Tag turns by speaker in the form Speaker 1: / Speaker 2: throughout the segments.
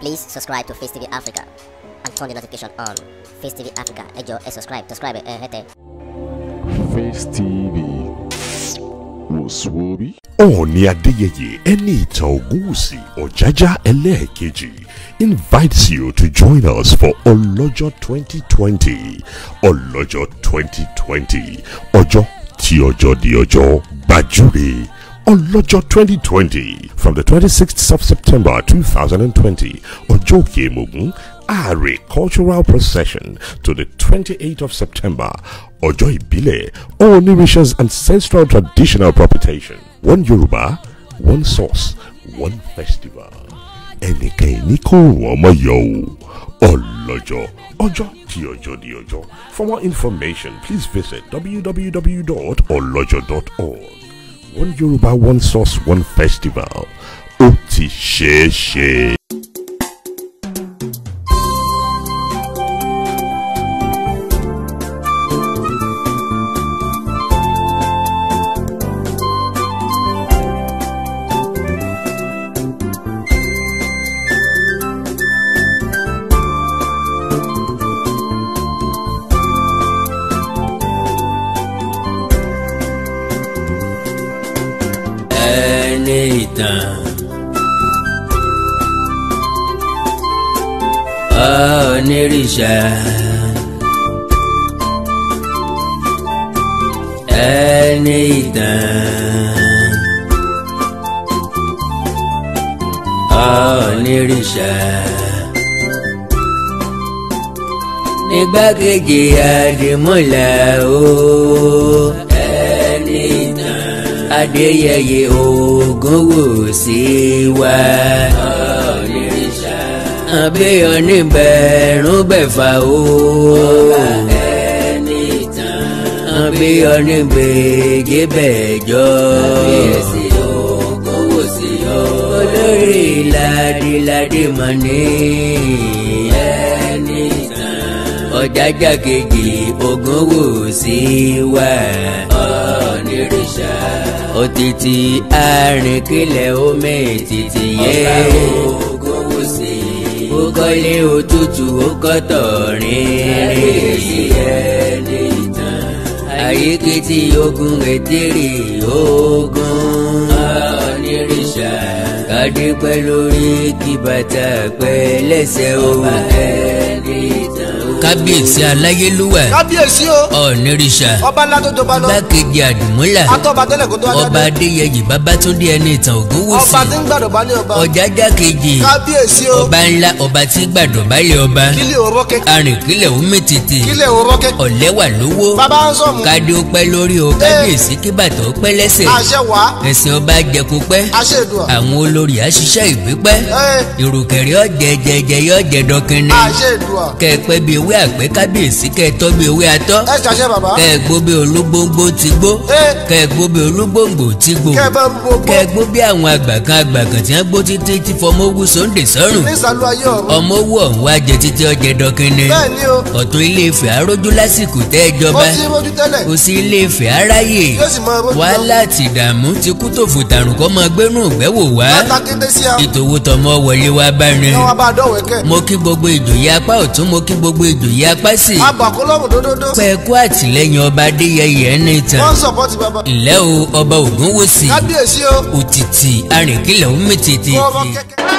Speaker 1: Please subscribe to Face TV Africa and turn the notification on. Face TV Africa, ẹ jọ̀ọ́, ẹ subscribe, subscribe, ẹ hẹ́tẹ̀.
Speaker 2: Face TV Oswobi. Ọ̀ọ̀ni Adéyẹyẹ ẹni ìtàn Ọ̀jájá Elekeji invites you to join us for Ọlọ́jọ́ 2020 Ọlọ́jọ́ 2020 ọjọ́ tí ọjọ́ di ọjọ́ gbàjúre. Ọlọ́jọ́ 2020 from the 26th of September 2020 Ọjọ́ Òkè are Ààrẹ cultural procession to the 28th of September Ọjọ́ Ìbílẹ̀ All Nations Ancestral Traditional Propitiation One Yoruba One Source One Festival ẹnìkan ìní kò wọ́n mọ̀ yọ o ọlọ́jọ́ ọjọ́ tí ọjọ́ di ọjọ́ For more information please visit www.olojo.org. One Yoruba, one source, one festival. Oti she she.
Speaker 1: tẹ̀lé ìtàn. onírìṣà ẹni ìtàn. onírìṣà nígbàkejì àdìmúlà ooo adéyẹyẹ Ògúnwùsì wa. àbíyọ níbẹ̀ rúbẹ̀fà o. ọba ẹni tán. àbíyọ níbẹ̀ jẹ́bẹ̀jọ. àbíyẹsì Ògúnwùsì o. olórí ládìládì mọ̀ ní ọ̀jájá kejì ogun wò sí wà ọ̀nìrìṣà òtítì àrìnkìlẹ̀ omi títì yé ogun wò sí ó kọ́lé òtútù ó kọ́tọ̀ rìnrìn sí ẹni ìtàn àyíkìtì ogun ètìrì ogun onírìṣà kádé pẹ́ lórí kí bàtà pẹ́ lẹ́sẹ̀ ọba ẹni kábíyèsí aláyélúwà kábíyèsí o ọ̀nìrìṣà ọba ládójọba lọ gbàkejì àdìmúlà atọ́ba tẹ́lẹ̀ kó tó wájú ọba adéyẹyè babatunde ẹni ìtàn ògúnwùsì ọba tí ń gbàdọ̀bá ní ọba ọ̀jájá kejì kábíyèsí o ọba ńlá ọba tí gbàdọ̀bá lé ọba kílẹ̀ òró kẹ́kẹ́ arìnkílẹ̀ omi tètè kílẹ̀ òró kẹ́kẹ́ ọ̀lẹ́wà lówó bàbá ń sọ mu kádé ó o kábíyèsí kí bàtà ó pẹ́ lẹ́sẹ̀ àṣẹ wá ẹ̀sìn ọba jẹku pẹ́ àṣẹ ìdùn àwọn olórí àṣiṣẹ́ ìgbípẹ́ ìrùkẹ̀rẹ̀ ọ̀jẹ̀jẹ̀jẹ̀ yọ̀jẹ̀dọ̀kìnrin kódà pé kábíyèsí kẹ́ ẹ tọ́ bí ewé atọ́. ẹ ṣàṣẹ bàbá. kẹ́ ẹ gbó bí olúgbóngbó ti gbó. kẹ́ ẹ gbó bí olúgbóngbó ti gbó. kẹ́ ẹ bá gbó. kẹ́ ẹ gbó bí àwọn àgbàkan àgbàkan tí wọ́n gbó títí tí fọmọ owó sóńdè sọ́rùn. nísàlù ayé ọ̀run. ọmọ owó ọ̀hún wá jẹ títí ọjẹ dọkínni. bẹ́ẹ̀ni o. ọ̀tún ilé Ifẹ̀ arójú lásìkò tẹ́ ẹ jọba. kò sí ilé Ifẹ̀ aráyè. wàhálà àti odò ya pásì. àbàkó lọ́mù dódódó. pẹ̀kú àtìlẹ́yìn ọba adéyẹyẹ ẹni tán. wọ́n sọ̀pọ̀ ti bàbá. ǹlẹ́ o ọba ògúnwùsì. kábíyèsí o. òtítì arìnkìlẹ̀ ń mètètè. kọ́ ọmọ kẹ́kẹ́.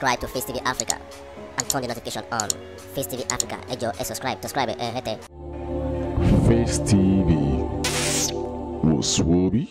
Speaker 1: subscribe to Face TV Africa and turn the notification on. Face TV Africa, ejo, e subscribe, subscribe, eh,
Speaker 2: Face TV was